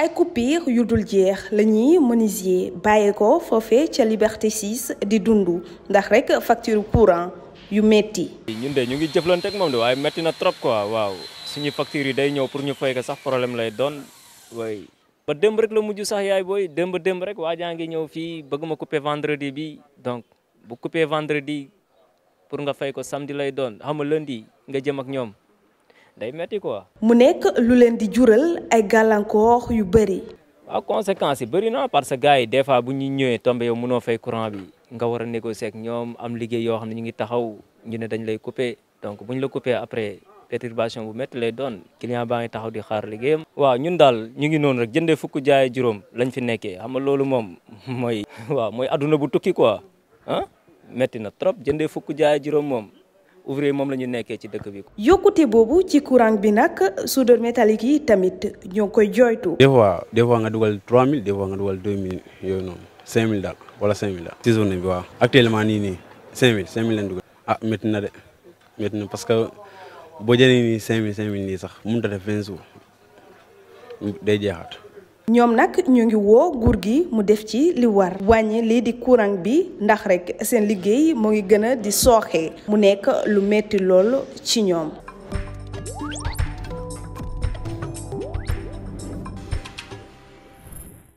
ay coupure yu dul jeex la ñuy menuisier bàyyi ko foofee ca Liberté 6 di dund ndax rek facture courant yu metti ñun de ñu ngi jëflante ak moom de waaye metti na trop quoi waaw suñuy facture yi day ñëw pour ñu fay ko sax problème lay doon way ba démb rek la mujj sax yaay booy demb démb rek waa jaa ngi ñëw fii bëgguma coupe couper vendredi bi donc bu couper vendredi pour nga fay ko samedi lay doon xam nga lundi nga jëm ak ñoom day metti quoi. mu nekk lu leen di jural ay gàllankoor yu bëri. waaw conséquences yi bëri na parce que gars yi fois bu ñu ñëwee tombé yow noo fay courant bi nga war a négocier ak ñoom am liggéey yoo xam ne ñu ngi taxaw ñu ne dañ lay coupé donc bu ñu la coupé après. perturbation bu métti lay doon client baa ngi taxaw di xaar liggéeyam. waaw ñun daal ñu ngi noonu rek jëndee fukk jaay juróom lañ fi nekkee xam nga loolu moom mooy. métti na trop jëndee fukk jaay juróom moom ouvrier moom la ñu nekkee ci dëkk bi. yokkute boobu ci courant bi nag soudeur métallique yi tamit ñoo ngi koy jooytu. des fois des fois nga dugal 3000 des fois nga dugal 2000 yooyu noonu 5000 daal wala 5000 daal. ci nañ bi waaw actuellement nii nii 5000 5000 lañ dugal. ah métti na de métti na parce que boo jëlee nii 5000 5000 nii sax mun a def 20 jours day jeexaat. ñoom nag ñu ngi woo nguur gi mu def ci li war wàññi lii di courant bi ndax rekk seen liggéey mu ngi gën di sooxee mu nekk lu metti lool ci ñoom